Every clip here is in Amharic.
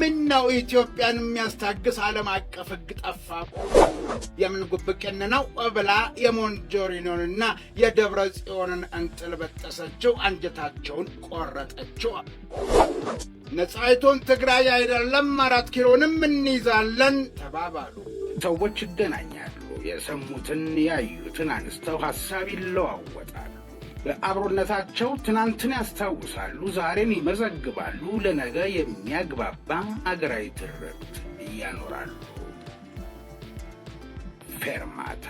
ምን ነው ኢትዮጵያን የሚያስታግስ ዓለም አቀፍ ህግ ጠፋ? የምን ጉብቅን ነው ብላ የሞንጆሪኖንና የደብረ ጽዮንን እንጥል በጠሰችው፣ አንጀታቸውን ቆረጠችው። ነጻይቱን ትግራይ አይደለም አራት ኪሎንም እንይዛለን ተባባሉ። ሰዎች ይገናኛሉ። የሰሙትን ያዩትን አንስተው ሀሳብ ይለዋወጣል። በአብሮነታቸው ትናንትን ያስታውሳሉ፣ ዛሬን ይመዘግባሉ፣ ለነገ የሚያግባባ አገራዊ ትርክት እያኖራሉ። ፌርማታ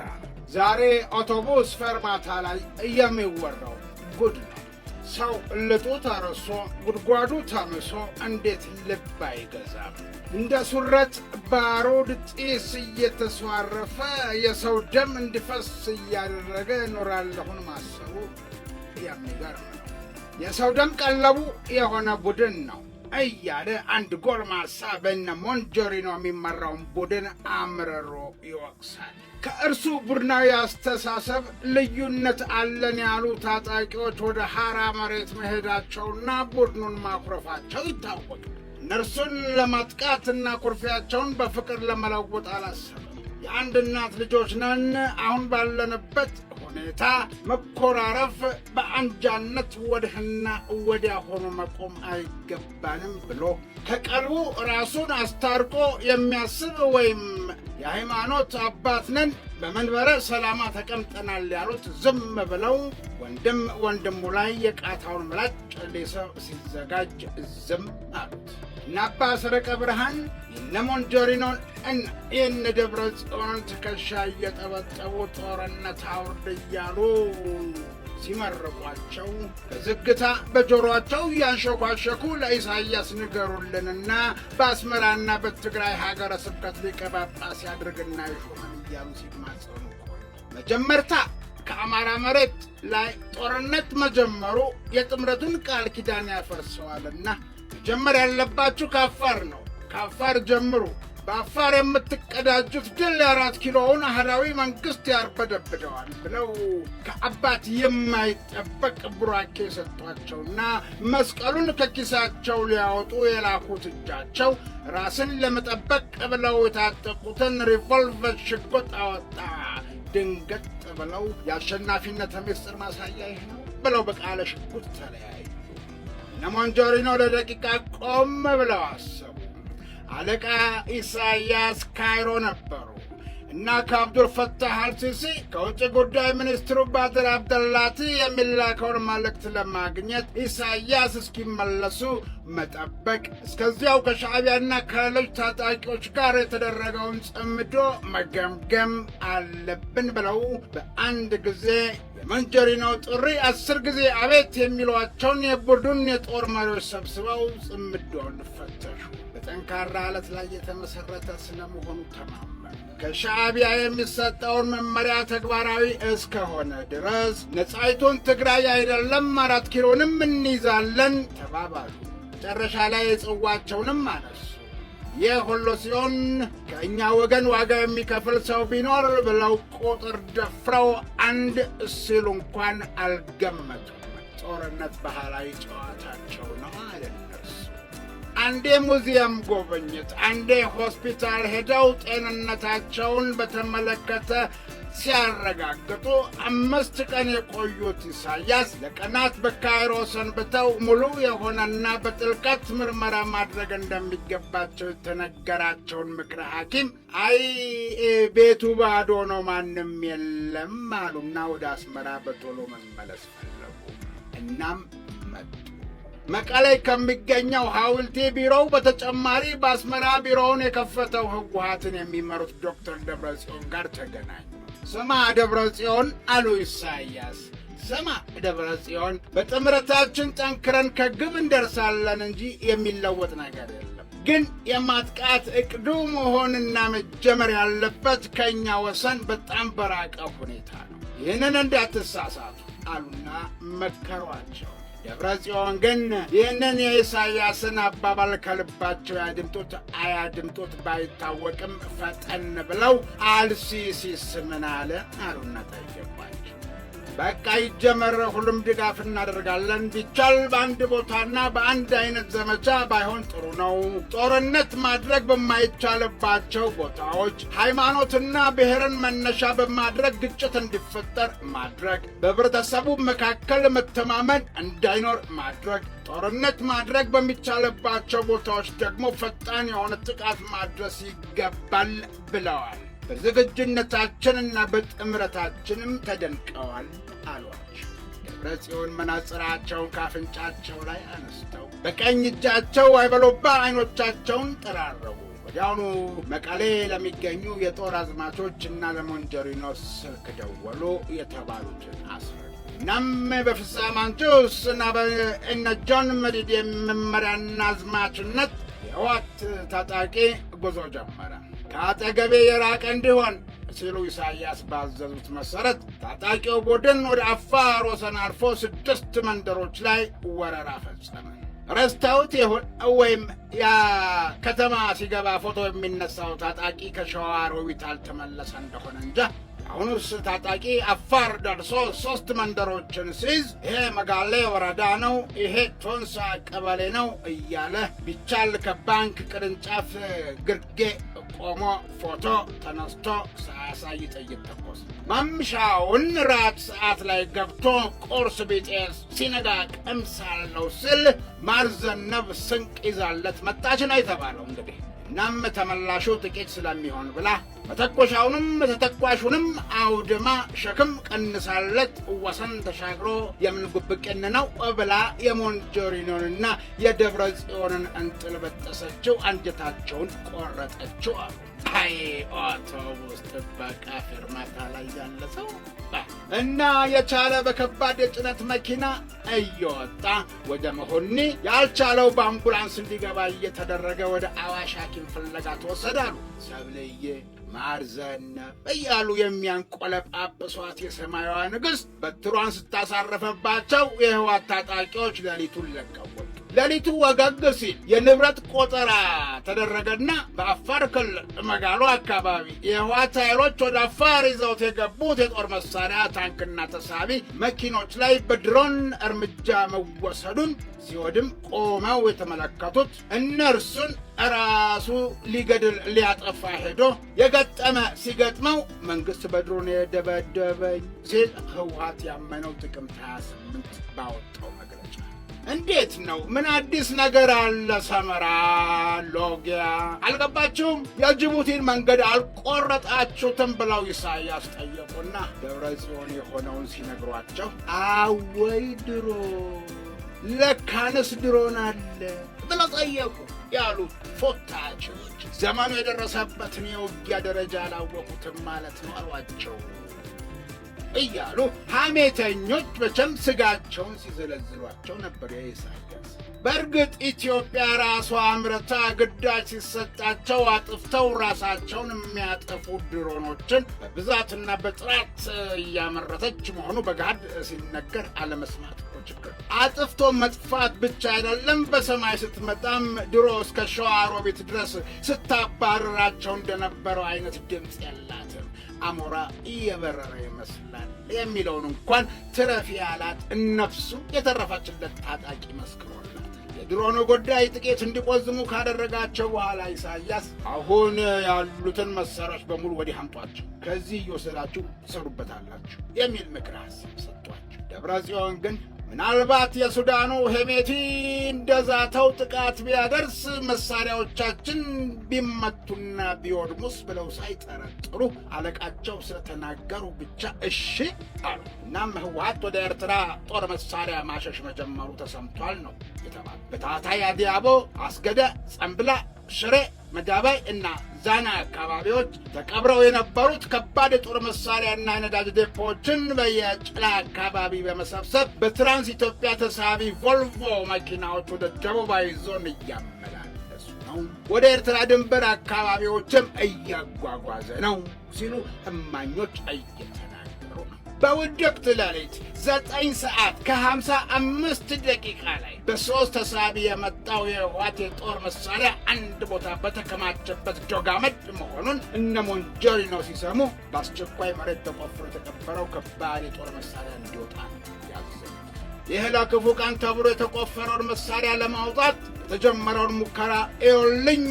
ዛሬ አውቶቡስ ፌርማታ ላይ የሚወራው ጉድ ነው። ሰው ልጡ ተረሶ ጉድጓዱ ተምሶ እንዴት ልብ አይገዛም? እንደ ሱረት ባሩድ ጢስ እየተሰዋረፈ የሰው ደም እንዲፈስ እያደረገ ኖራለሁን ማሰቡ የሚገርም ነው። የሰው ደም ቀለቡ የሆነ ቡድን ነው እያለ አንድ ጎልማሳ በነ ሞንጆሪኖ የሚመራውን ቡድን አምርሮ ይወቅሳል። ከእርሱ ቡድናዊ አስተሳሰብ ልዩነት አለን ያሉ ታጣቂዎች ወደ ሐራ መሬት መሄዳቸውና ቡድኑን ማኩረፋቸው ይታወቃል። እነርሱን ለማጥቃትና ኩርፊያቸውን በፍቅር ለመለወጥ አላሰብም። የአንድ እናት ልጆች ነን። አሁን ባለንበት ሁኔታ መኮራረፍ፣ በአንጃነት ወድህና ወዲያ ሆኖ መቆም አይገባንም ብሎ ከቀልቡ ራሱን አስታርቆ የሚያስብ ወይም የሃይማኖት አባት ነን በመንበረ ሰላማ ተቀምጠናል ያሉት ዝም ብለው ወንድም ወንድሙ ላይ የቃታውን ምላጭ ሊሰው ሲዘጋጅ ዝም አሉት። እነ አባ ሰረቀ ብርሃን የነ ሞንጆሪኖን እና የነ ደብረ ትከሻ እየጠበጠቡ ጦርነት አውርድ እያሉ ሲመርቋቸው በዝግታ በጆሮአቸው እያንሸኳሸኩ ለኢሳያስ ንገሩልንና በአስመራና በትግራይ ሀገረ ስብከት ሊቀ ጳጳስ ያድርግና ይሹመን እያሉ ሲማጸኑ መጀመርታ ከአማራ መሬት ላይ ጦርነት መጀመሩ የጥምረቱን ቃል ኪዳን ያፈርሰዋልና መጀመር ያለባችሁ ከአፋር ነው። ከአፋር ጀምሩ። በአፋር የምትቀዳጁት ድል አራት ኪሎውን አህዳዊ መንግስት ያርበደብደዋል ብለው ከአባት የማይጠበቅ ቡራኬ የሰጧቸውና መስቀሉን ከኪሳቸው ሊያወጡ የላኩት እጃቸው ራስን ለመጠበቅ ብለው የታጠቁትን ሪቮልቨር ሽጎጥ አወጣ። ድንገጥ ብለው የአሸናፊነት ምስጢር ማሳያ ይህ ነው ብለው በቃለ ሽጉጥ ተለያዩ። ለሞንጆሪኖ ለደቂቃ ቆም ብለው አሰቡ። አለቃ ኢሳያስ ካይሮ ነበሩ እና ከአብዱል ፈታህ አልሲሲ ከውጭ ጉዳይ ሚኒስትሩ ባድር አብደላቲ የሚላከውን መልእክት ለማግኘት ኢሳያስ እስኪመለሱ መጠበቅ፣ እስከዚያው ከሻዕቢያና ከሌሎች ታጣቂዎች ጋር የተደረገውን ጽምዶ መገምገም አለብን ብለው በአንድ ጊዜ የመንጀሪኖ ጥሪ አስር ጊዜ አቤት የሚሏቸውን የቡድን የጦር መሪዎች ሰብስበው ጽምዶን ፈተሹ። ጠንካራ አለት ላይ የተመሰረተ ስለመሆኑ ተማ ከሻዕቢያ የሚሰጠውን መመሪያ ተግባራዊ እስከሆነ ድረስ ነጻይቱን ትግራይ አይደለም አራት ኪሎንም እንይዛለን ተባባሉ። መጨረሻ ላይ የጽዋቸውንም አነሱ። ይህ ሁሉ ሲሆን ከእኛ ወገን ዋጋ የሚከፍል ሰው ቢኖር ብለው ቁጥር ደፍረው አንድ ሲሉ እንኳን አልገመቱም። ጦርነት ባህላዊ ጨዋታቸው ነው አይደለም። አንዴ ሙዚየም ጉብኝት፣ አንዴ ሆስፒታል ሄደው ጤንነታቸውን በተመለከተ ሲያረጋግጡ አምስት ቀን የቆዩት ኢሳያስ ለቀናት በካይሮ ሰንብተው ሙሉ የሆነና በጥልቀት ምርመራ ማድረግ እንደሚገባቸው የተነገራቸውን ምክረ ሐኪም አይ ቤቱ ባዶ ነው ማንም የለም አሉና ወደ አስመራ በቶሎ መመለስ ፈለጉ። እናም መጡ። መቀሌ ከሚገኘው ሐውልቲ ቢሮው በተጨማሪ በአስመራ ቢሮውን የከፈተው ህወሓትን የሚመሩት ዶክተር ደብረ ደብረጽዮን ጋር ተገናኙ። ስማ ጽዮን አሉ ኢሳያስ። ስማ ጽዮን በጥምረታችን ጠንክረን ከግብ እንደርሳለን እንጂ የሚለወጥ ነገር የለም። ግን የማጥቃት እቅዱ መሆንና መጀመር ያለበት ከእኛ ወሰን በጣም በራቀ ሁኔታ ነው። ይህንን እንዳትሳሳቱ አሉና መከሯቸው። የብረጽዮን ግን ይህንን የኢሳያስን አባባል ከልባቸው ያድምጡት አያድምጡት ባይታወቅም ፈጠን ብለው አልሲሲስ ስምን አለ አሉና በቃ ይጀመር። ሁሉም ድጋፍ እናደርጋለን። ቢቻል በአንድ ቦታና በአንድ አይነት ዘመቻ ባይሆን ጥሩ ነው። ጦርነት ማድረግ በማይቻልባቸው ቦታዎች ሃይማኖትና ብሔርን መነሻ በማድረግ ግጭት እንዲፈጠር ማድረግ፣ በህብረተሰቡ መካከል መተማመን እንዳይኖር ማድረግ፣ ጦርነት ማድረግ በሚቻልባቸው ቦታዎች ደግሞ ፈጣን የሆነ ጥቃት ማድረስ ይገባል ብለዋል። በዝግጁነታችንና በጥምረታችንም ተደንቀዋል አሏቸው። ደብረ ጽዮን መነጽራቸውን ካፍንጫቸው ላይ አነስተው በቀኝ እጃቸው አይበሎባ አይኖቻቸውን ጠራረቡ። ወዲያውኑ መቀሌ ለሚገኙ የጦር አዝማቾች እና ለሞንጀሪኖስ ስልክ ደወሉ የተባሉትን አስረ እናም በፍጻሜያቸው እና በእነ ጆን መዲድ የመመሪያና አዝማችነት የህወሓት ታጣቂ ጉዞ ጀመረ። ከአጠገቤ የራቀ እንዲሆን ሲሉ ኢሳይያስ ባዘዙት መሠረት ታጣቂው ቡድን ወደ አፋር ወሰን አልፎ ስድስት መንደሮች ላይ ወረራ ፈጸመ። ረስተውት ይሁን ወይም ያ ከተማ ሲገባ ፎቶ የሚነሳው ታጣቂ ከሸዋ ሮቢት አልተመለሰ እንደሆነ እንጃ። አሁኑስ ታጣቂ አፋር ደርሶ ሶስት መንደሮችን ሲይዝ ይሄ መጋሌ ወረዳ ነው፣ ይሄ ቶንሳ ቀበሌ ነው እያለ ቢቻል ከባንክ ቅርንጫፍ ግርጌ ቆሞ ፎቶ ተነስቶ ሳያሳይ ጥይት ተኮስ። ማምሻውን ራት ሰዓት ላይ ገብቶ ቁርስ ቢጤ ሲነጋ ቀምሳለሁ ስል ማርዘነብ ስንቅ ይዛለት መጣችን አይተባለው እንግዲህ እናም ተመላሹ ጥቂት ስለሚሆን ብላ መተኮሻውንም ተተኳሹንም አውድማ ሸክም ቀንሳለት ወሰን ተሻግሮ የምንጉብቅን ነው ብላ የሞንጆሪኖንና የደብረ ጽዮንን እንጥል በጠሰችው፣ አንጀታቸውን ቆረጠችው አሉ። አውቶቡስ ጥበቃ ፌርማታ ላይ ያለ ሰው እና የቻለ በከባድ የጭነት መኪና እየወጣ ወደ መሆኒ ያልቻለው በአምቡላንስ እንዲገባ እየተደረገ ወደ አዋሽ ሐኪም ፍለጋ ተወሰደ ሰብልዬ ማርዘነ እያሉ የሚያንቆለጳጵሷት የሰማያዋ ንግሥት በትሯን ስታሳረፈባቸው የህዋት ታጣቂዎች ሌሊቱን ለቀ ሌሊቱ ወገግ ሲል የንብረት ቆጠራ ተደረገና በአፋር ክልል መጋሉ አካባቢ የህወሓት ኃይሎች ወደ አፋር ይዘውት የገቡት የጦር መሳሪያ ታንክና ተሳቢ መኪኖች ላይ በድሮን እርምጃ መወሰዱን ሲወድም ቆመው የተመለከቱት እነርሱን ራሱ ሊገድል ሊያጠፋ ሄዶ የገጠመ ሲገጥመው መንግስት በድሮን የደበደበኝ ሲል ህወሓት ያመነው ጥቅምት 28 ባወጣው መግለጫ እንዴት ነው? ምን አዲስ ነገር አለ? ሰመራ ሎጊያ አልገባችሁም? የጅቡቲን መንገድ አልቆረጣችሁትም ብለው ኢሳያስ ጠየቁና ደብረ ጽዮን የሆነውን ሲነግሯቸው አወይ ድሮ ለካንስ ድሮን አለ ብለው ጠየቁ ያሉ ፎታችች ዘመኑ የደረሰበትን የውጊያ ደረጃ አላወቁትም ማለት ነው አሏቸው። እያሉ ሐሜተኞች መቼም ስጋቸውን ሲዘለዝሏቸው ነበር የኢሳያስ። በእርግጥ ኢትዮጵያ ራሷ አምርታ ግዳጅ ሲሰጣቸው አጥፍተው ራሳቸውን የሚያጠፉ ድሮኖችን በብዛትና በጥራት እያመረተች መሆኑ በጋድ ሲነገር አለመስማት ችግር አጥፍቶ መጥፋት ብቻ አይደለም። በሰማይ ስትመጣም ድሮ እስከ ሸዋ ድረስ ስታባረራቸው እንደነበረው አይነት ድምፅ የላትም። አሞራ እየበረረ ይመስላል የሚለውን እንኳን ትረፊ ያላት እነፍሱ የተረፈችለት ታጣቂ መስክሮላት የድሮኑ ጉዳይ ጥቂት እንዲቆዝሙ ካደረጋቸው በኋላ ኢሳያስ አሁን ያሉትን መሳሪያዎች በሙሉ ወዲህ አምጧቸው፣ ከዚህ እየወሰዳችሁ ትሰሩበታላችሁ የሚል ምክር ሀሳብ ሰጧቸው። ደብረ ጽዮን ግን ምናልባት የሱዳኑ ሄሜቲ እንደዛተው ጥቃት ቢያደርስ መሳሪያዎቻችን ቢመቱና ቢወድሙስ ብለው ሳይጠረጥሩ አለቃቸው ስለተናገሩ ብቻ እሺ አሉ። እናም ህወሀት ወደ ኤርትራ ጦር መሳሪያ ማሸሽ መጀመሩ ተሰምቷል ነው የተባለ በታታይ አዲያቦ፣ አስገደ፣ ጸንብላ ሽሬ፣ መዳባይ እና ዛና አካባቢዎች ተቀብረው የነበሩት ከባድ የጦር መሳሪያና ነዳጅ ዴፖዎችን በየጭላ አካባቢ በመሰብሰብ በትራንስ ኢትዮጵያ ተሳቢ ቮልቮ መኪናዎች ወደ ደቡባዊ ዞን እያመላለሱ ነው፣ ወደ ኤርትራ ድንበር አካባቢዎችም እያጓጓዘ ነው ሲሉ እማኞች አየተ በውድቅ ትለሊት ዘጠኝ ሰዓት ከሃምሳ አምስት ደቂቃ ላይ በሦስት ተሳቢ የመጣው የህወሓት የጦር መሳሪያ አንድ ቦታ በተከማቸበት ጆጋመድ መሆኑን እነ ነው ሲሰሙ በአስቸኳይ መሬት ተቆፍሮ የተቀበረው ከባድ የጦር መሳሪያ እንዲወጣ ያዘ። ይህ ለክፉ ቀን ተብሎ የተቆፈረውን መሳሪያ ለማውጣት የተጀመረውን ሙከራ ኤዮልኝ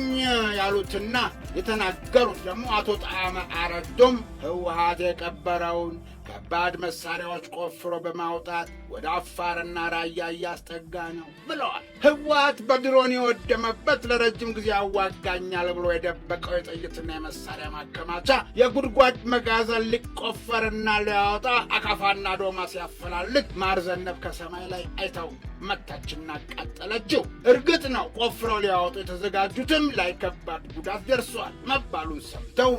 ያሉትና የተናገሩት ደግሞ አቶ ጣዕመ አረዶም ህወሓት የቀበረውን ከባድ መሳሪያዎች ቆፍሮ በማውጣት ወደ አፋርና ራያ እያስጠጋ ነው ብለዋል። ህወሓት በድሮን የወደመበት ለረጅም ጊዜ አዋጋኛል ብሎ የደበቀው የጥይትና የመሳሪያ ማከማቻ የጉድጓድ መጋዘን ሊቆፈርና ሊያወጣ አካፋና ዶማ ሲያፈላልግ ማርዘነብ ከሰማይ ላይ አይተው መታችና ቀጠለችው። እርግጥ ነው ቆፍረው ሊያወጡ የተዘጋጁትም ላይ ከባድ ጉዳት ደርሷል መባሉን ሰምተው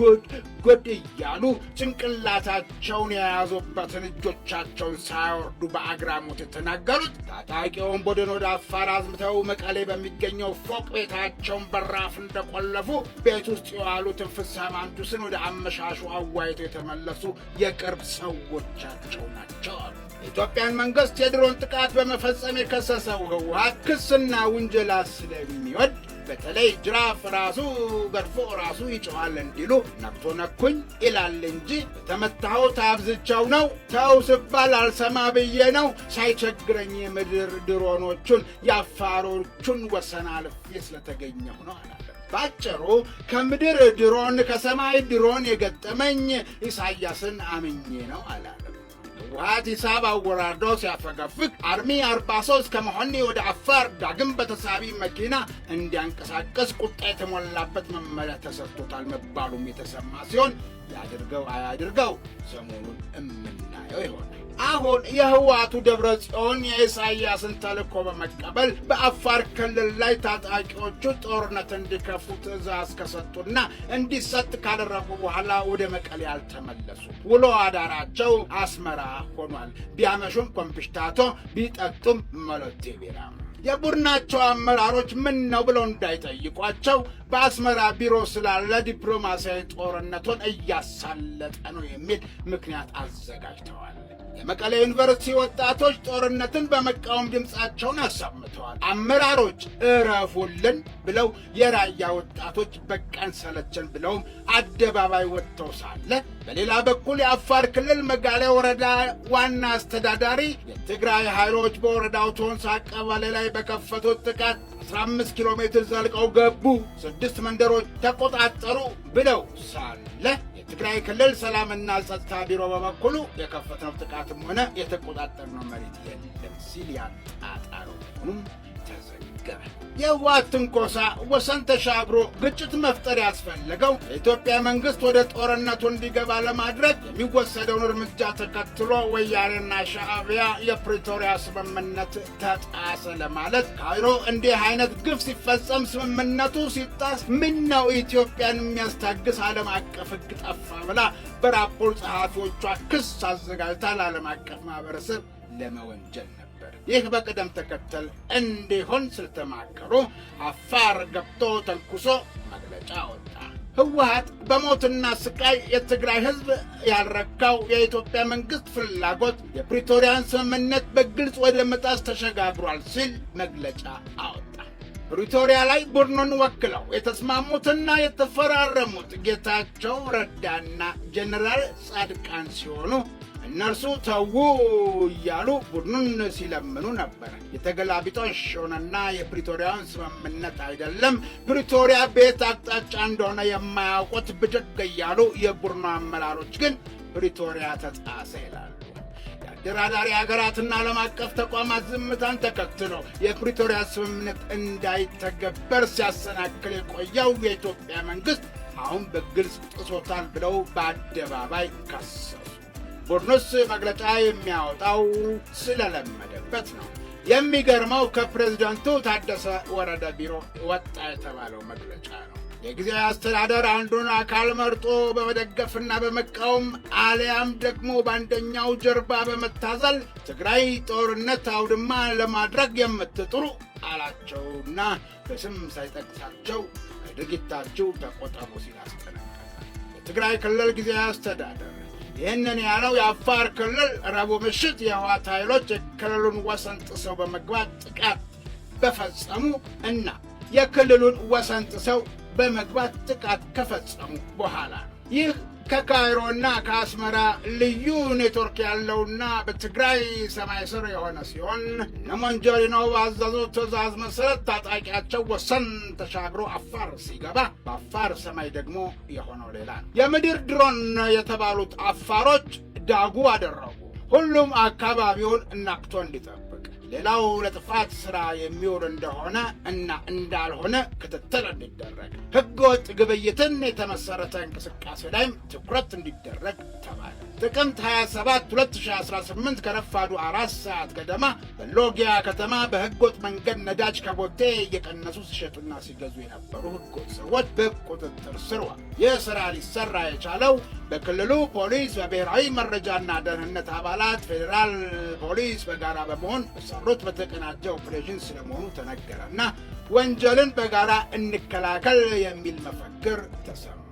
ጎድ ጎድ እያሉ ጭንቅላታቸውን የያዙበትን እጆቻቸውን ሳያወር ወርዱ በአግራሞት የተናገሩት ታጣቂውን ቡድን ወደ አፋር አዝምተው መቀሌ በሚገኘው ፎቅ ቤታቸውን በራፍ እንደቆለፉ ቤት ውስጥ የዋሉትን ፍሳም አንዱስን ወደ አመሻሹ አዋይቶ የተመለሱ የቅርብ ሰዎቻቸው ናቸው አሉ። የኢትዮጵያን መንግስት የድሮን ጥቃት በመፈጸም የከሰሰው ህወሓት ክስና ውንጀላ ስለሚወድ በተለይ ጅራፍ ራሱ ገድፎ ራሱ ይጮኋል እንዲሉ ነቅቶ ነኩኝ ይላል እንጂ ተመታኸው ታብዝቻው ነው ተው ስባል አልሰማ ብዬ ነው ሳይቸግረኝ የምድር ድሮኖቹን የአፋሮቹን ወሰን አልፌ ስለተገኘሁ ነው አላ ባጭሩ ከምድር ድሮን ከሰማይ ድሮን የገጠመኝ ኢሳያስን አምኜ ነው አላለ። አዲስ አበባ ወራዶ ሲያፈገፍግ አርሚ 43 ከመሆኔ ወደ አፋር ዳግም በተሳቢ መኪና እንዲያንቀሳቀስ ቁጣ የተሞላበት መመሪያ ተሰጥቶታል መባሉም የተሰማ ሲሆን ያድርገው አያድርገው ሰሞኑን እምናየው ይሆናል። አሁን የህዋቱ ደብረ ጽዮን የኢሳይያስን ተልእኮ በመቀበል በአፋር ክልል ላይ ታጣቂዎቹ ጦርነት እንዲከፉ ትእዛዝ ከሰጡና እንዲሰጥ ካደረጉ በኋላ ወደ መቀሌ አልተመለሱ። ውሎ አዳራቸው አስመራ ሆኗል። ቢያመሹም ኮምፒሽታቶ፣ ቢጠጡም መሎቴ ቢራ። የቡድናቸው አመራሮች ምን ነው ብለው እንዳይጠይቋቸው በአስመራ ቢሮ ስላለ ዲፕሎማሲያዊ ጦርነቱን እያሳለጠ ነው የሚል ምክንያት አዘጋጅተዋል። የመቀሌ ዩኒቨርሲቲ ወጣቶች ጦርነትን በመቃወም ድምፃቸውን አሰምተዋል። አመራሮች እረፉልን ብለው የራያ ወጣቶች በቃን ሰለቸን ብለውም አደባባይ ወጥተው ሳለ በሌላ በኩል የአፋር ክልል መጋሌ ወረዳ ዋና አስተዳዳሪ የትግራይ ኃይሎች በወረዳው ቶንስ ቀበሌ ላይ በከፈቱት ጥቃት 15 ኪሎ ሜትር ዘልቀው ገቡ፣ ስድስት መንደሮች ተቆጣጠሩ ብለው ሳለ የትግራይ ክልል ሰላምና ጸጥታ ቢሮ በበኩሉ የከፈተው ጥቃትም ሆነ የተቆጣጠርነው መሬት የለም ሲል ያጣጣሩ መሆኑም ተዘ ተነገረ። የህወሓት ትንኮሳ ወሰን ተሻግሮ ግጭት መፍጠር ያስፈለገው የኢትዮጵያ መንግስት ወደ ጦርነቱ እንዲገባ ለማድረግ የሚወሰደውን እርምጃ ተከትሎ ወያኔና ሻዕቢያ የፕሪቶሪያ ስምምነት ተጣሰ ለማለት ካይሮ እንዲህ አይነት ግፍ ሲፈጸም ስምምነቱ ሲጣስ ምን ነው ኢትዮጵያን የሚያስታግስ ዓለም አቀፍ ህግ ጠፋ ብላ በራፖርት ጸሐፊዎቿ ክስ አዘጋጅታ ለዓለም አቀፍ ማህበረሰብ ለመወንጀል ነው። ይህ በቅደም ተከተል እንዲሆን ስለተማከሩ አፋር ገብቶ ተንኩሶ መግለጫ ወጣ። ህወሀት በሞትና ስቃይ የትግራይ ህዝብ ያልረካው የኢትዮጵያ መንግስት ፍላጎት የፕሪቶሪያን ስምምነት በግልጽ ወደ መጣስ ተሸጋግሯል ሲል መግለጫ አወጣ። ፕሪቶሪያ ላይ ቡድኑን ወክለው የተስማሙትና የተፈራረሙት ጌታቸው ረዳና ጀኔራል ጻድቃን ሲሆኑ እነርሱ ተዉ እያሉ ቡድኑን ሲለምኑ ነበር። የተገላቢጦሽ ሆነና የፕሪቶሪያውን ስምምነት አይደለም ፕሪቶሪያ ቤት አቅጣጫ እንደሆነ የማያውቁት ብድግ እያሉ የቡድኑ አመራሮች ግን ፕሪቶሪያ ተጣሰ ይላሉ። የአደራዳሪ ሀገራትና ዓለም አቀፍ ተቋማት ዝምታን ተከትሎ የፕሪቶሪያ ስምምነት እንዳይተገበር ሲያሰናክል የቆየው የኢትዮጵያ መንግሥት አሁን በግልጽ ጥሶታል ብለው በአደባባይ ከሰው ቡድኑስ መግለጫ የሚያወጣው ስለለመደበት ነው። የሚገርመው ከፕሬዝደንቱ ታደሰ ወረደ ቢሮ ወጣ የተባለው መግለጫ ነው። የጊዜያዊ አስተዳደር አንዱን አካል መርጦ በመደገፍና በመቃወም አሊያም ደግሞ በአንደኛው ጀርባ በመታዘል ትግራይ ጦርነት አውድማ ለማድረግ የምትጥሩ አላቸውና በስም ሳይጠቅሳቸው ከድርጊታችሁ ተቆጠቡ ሲል አስጠነቀቀ። የትግራይ ክልል ጊዜያዊ አስተዳደር ይህንን ያለው የአፋር ክልል ረቡዕ ምሽት የህወሓት ኃይሎች የክልሉን ወሰን ጥሰው በመግባት ጥቃት በፈጸሙ እና የክልሉን ወሰን ጥሰው በመግባት ጥቃት ከፈጸሙ በኋላ ነው። ይህ እና ከአስመራ ልዩ ኔትወርክ ያለውና በትግራይ ሰማይ ስር የሆነ ሲሆን ለሞንጆሪኖ ባዘዙት ትዕዛዝ መሰረት ታጣቂያቸው ወሰን ተሻግሮ አፋር ሲገባ በአፋር ሰማይ ደግሞ የሆነው ሌላ ነው። የምድር ድሮን የተባሉት አፋሮች ዳጉ አደረጉ። ሁሉም አካባቢውን እናቅቶ እንዲጠቁ ሌላው ለጥፋት ሥራ የሚውል እንደሆነ እና እንዳልሆነ ክትትል እንዲደረግ፣ ሕገወጥ ግብይትን የተመሠረተ እንቅስቃሴ ላይም ትኩረት እንዲደረግ ተባለ። ጥቅምት 27 2018 ከረፋዱ አራት ሰዓት ገደማ በሎጊያ ከተማ በህገወጥ መንገድ ነዳጅ ከቦቴ እየቀነሱ ሲሸጡና ሲገዙ የነበሩ ህገወጥ ሰዎች በቁጥጥር ስር ዋሉ። ይህ ስራ ሊሰራ የቻለው በክልሉ ፖሊስ፣ በብሔራዊ መረጃና ደህንነት አባላት፣ ፌዴራል ፖሊስ በጋራ በመሆን በሰሩት በተቀናጀ ኦፕሬሽን ስለመሆኑ ተነገረና። ወንጀልን በጋራ እንከላከል የሚል መፈክር ተሰማ።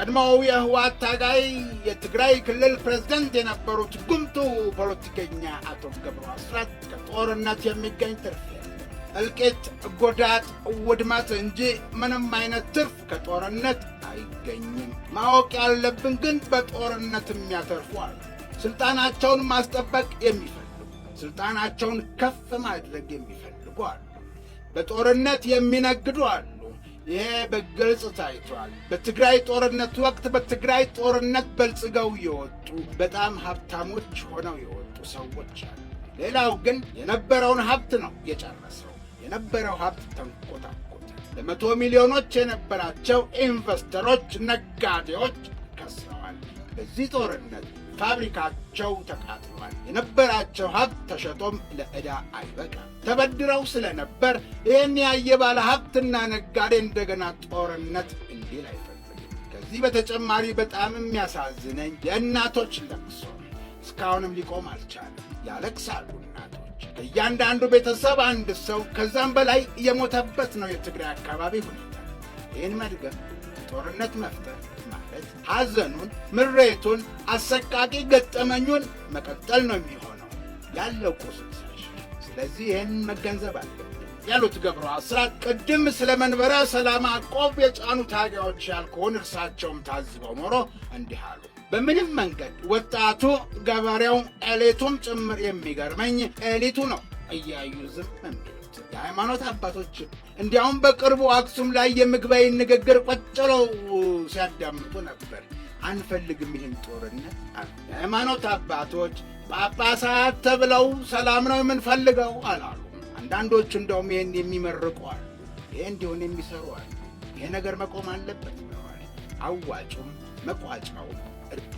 ቀድሞው የህወሓት ታጋይ የትግራይ ክልል ፕሬዝደንት የነበሩት ጉምቱ ፖለቲከኛ አቶ ገብሩ አስራት ከጦርነት የሚገኝ ትርፍ እልቂት፣ ጎዳት፣ ውድመት እንጂ ምንም አይነት ትርፍ ከጦርነት አይገኝም። ማወቅ ያለብን ግን በጦርነት የሚያተርፏል ስልጣናቸውን ማስጠበቅ የሚፈልጉ ስልጣናቸውን ከፍ ማድረግ የሚፈልጓል። በጦርነት የሚነግዷል ይሄ በግልጽ ታይቷል። በትግራይ ጦርነት ወቅት በትግራይ ጦርነት በልጽገው የወጡ በጣም ሀብታሞች ሆነው የወጡ ሰዎች አሉ። ሌላው ግን የነበረውን ሀብት ነው የጨረሰው። የነበረው ሀብት ተንኮታኮተ። ለመቶ ሚሊዮኖች የነበራቸው ኢንቨስተሮች፣ ነጋዴዎች ከስረዋል በዚህ ጦርነት ፋብሪካቸው ተቃጥሏል። የነበራቸው ሀብት ተሸጦም ለዕዳ አይበቃም። ተበድረው ስለነበር ይህን ያየ ባለ ሀብትና ነጋዴ እንደገና ጦርነት እንዲል አይፈልግም። ከዚህ በተጨማሪ በጣም የሚያሳዝነኝ የእናቶች ለቅሶ እስካሁንም ሊቆም አልቻለም። ያለቅሳሉ እናቶች። እያንዳንዱ ቤተሰብ አንድ ሰው ከዛም በላይ የሞተበት ነው የትግራይ አካባቢ ሁኔታ። ይህን መድገም ጦርነት መፍጠር ማለት ሐዘኑን፣ ምሬቱን፣ አሰቃቂ ገጠመኙን መቀጠል ነው የሚሆነው ያለው ቁስል። ስለዚህ ይህን መገንዘብ አለ ያሉት ገብረ አስራት ቅድም ስለ መንበረ ሰላም አቆብ የጫኑ ታጋዮች ያልከውን እርሳቸውም ታዝበው ኖሮ እንዲህ አሉ። በምንም መንገድ ወጣቱ ገበሬው ኤሊቱም ጭምር የሚገርመኝ ኤሊቱ ነው እያዩ ዝም የሃይማኖት አባቶች እንዲያውም በቅርቡ አክሱም ላይ የምግባይ ንግግር ቁጭ ሲያዳምጡ ነበር። አንፈልግም ይህን ጦርነት አሉ። የሃይማኖት አባቶች ጳጳሳት ተብለው ሰላም ነው የምንፈልገው አላሉ። አንዳንዶቹ እንደውም ይህን የሚመርቁ አሉ። ይህ እንዲሆን የሚሰሩ አሉ። ይህ ነገር መቆም አለበት ብለዋል። አዋጩም መቋጫውም እርግ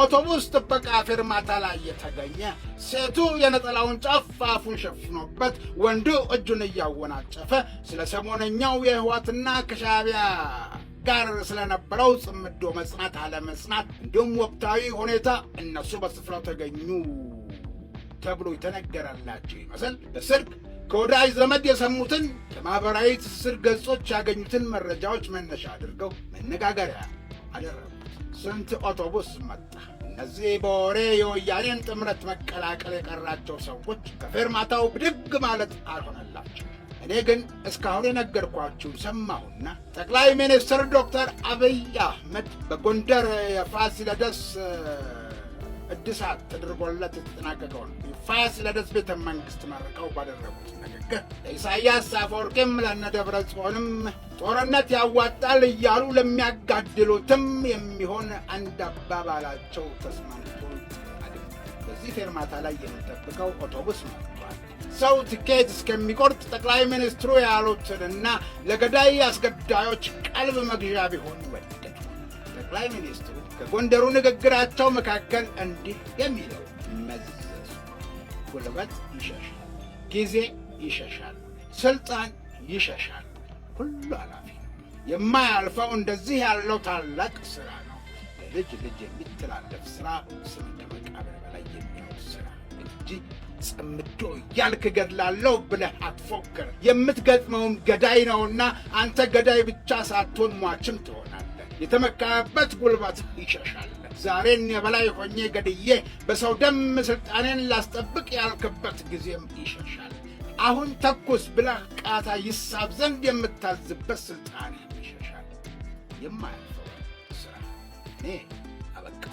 አውቶቡስ ጥበቃ ፌርማታ ላይ የተገኘ ሴቱ የነጠላውን ጫፍ አፉን ሸፍኖበት ወንዱ እጁን እያወናጨፈ ስለ ሰሞነኛው የህወሓትና ከሻዕቢያ ጋር ስለነበረው ጽምዶ መጽናት አለመጽናት እንዲሁም ወቅታዊ ሁኔታ እነሱ በስፍራው ተገኙ ተብሎ የተነገረላቸው ይመስል በስልክ ከወዳጅ ዘመድ የሰሙትን ከማኅበራዊ ትስስር ገጾች ያገኙትን መረጃዎች መነሻ አድርገው መነጋገሪያ አደረጉ። ስንት አውቶቡስ መጣ። እነዚህ በወሬ የወያኔን ጥምረት መቀላቀል የቀራቸው ሰዎች ከፌርማታው ብድግ ማለት አልሆነላቸው። እኔ ግን እስካሁን የነገርኳችሁን ሰማሁና ጠቅላይ ሚኒስትር ዶክተር አብይ አህመድ በጎንደር የፋሲለደስ እድሳት ተደርጎለት የተጠናቀቀውን ፋሲለደስ ቤተ መንግስት መርቀው ባደረጉት ንግግር ኢሳያስ አፈወርቂም ለነደብረ ደብረ ጽዮንም ጦርነት ያዋጣል እያሉ ለሚያጋድሉትም የሚሆን አንድ አባባላቸው ተስማምቶ በዚህ ፌርማታ ላይ የምንጠብቀው አውቶቡስ መጥቷል። ሰው ትኬት እስከሚቆርጥ ጠቅላይ ሚኒስትሩ ያሉትንና ለገዳይ አስገዳዮች ቀልብ መግዣ ቢሆን ወደድ ጠቅላይ ሚኒስትሩ ከጎንደሩ ንግግራቸው መካከል እንዲህ የሚለው መዘዙ። ጉልበት ይሸሻል፣ ጊዜ ይሸሻል፣ ስልጣን ይሸሻል፣ ሁሉ አላፊ የማያልፈው እንደዚህ ያለው ታላቅ ስራ ነው። ለልጅ ልጅ የሚተላለፍ ስራ ስም ከመቃብር በላይ የሚሆን ስራ እንጂ ጽምዶ እያልክ እገድላለሁ ብለህ አትፎክር። የምትገጥመውም ገዳይ ነውና አንተ ገዳይ ብቻ ሳትሆን ሟችም ትሆን የተመካበት ጉልበት ይሸሻል። ዛሬን የበላይ ሆኜ ገድዬ በሰው ደም ስልጣኔን ላስጠብቅ ያልክበት ጊዜም ይሸሻል። አሁን ተኩስ ብለህ ቃታ ይሳብ ዘንድ የምታዝበት ስልጣኔ ይሸሻል። የማያልፈው ስራ እኔ አበቃ።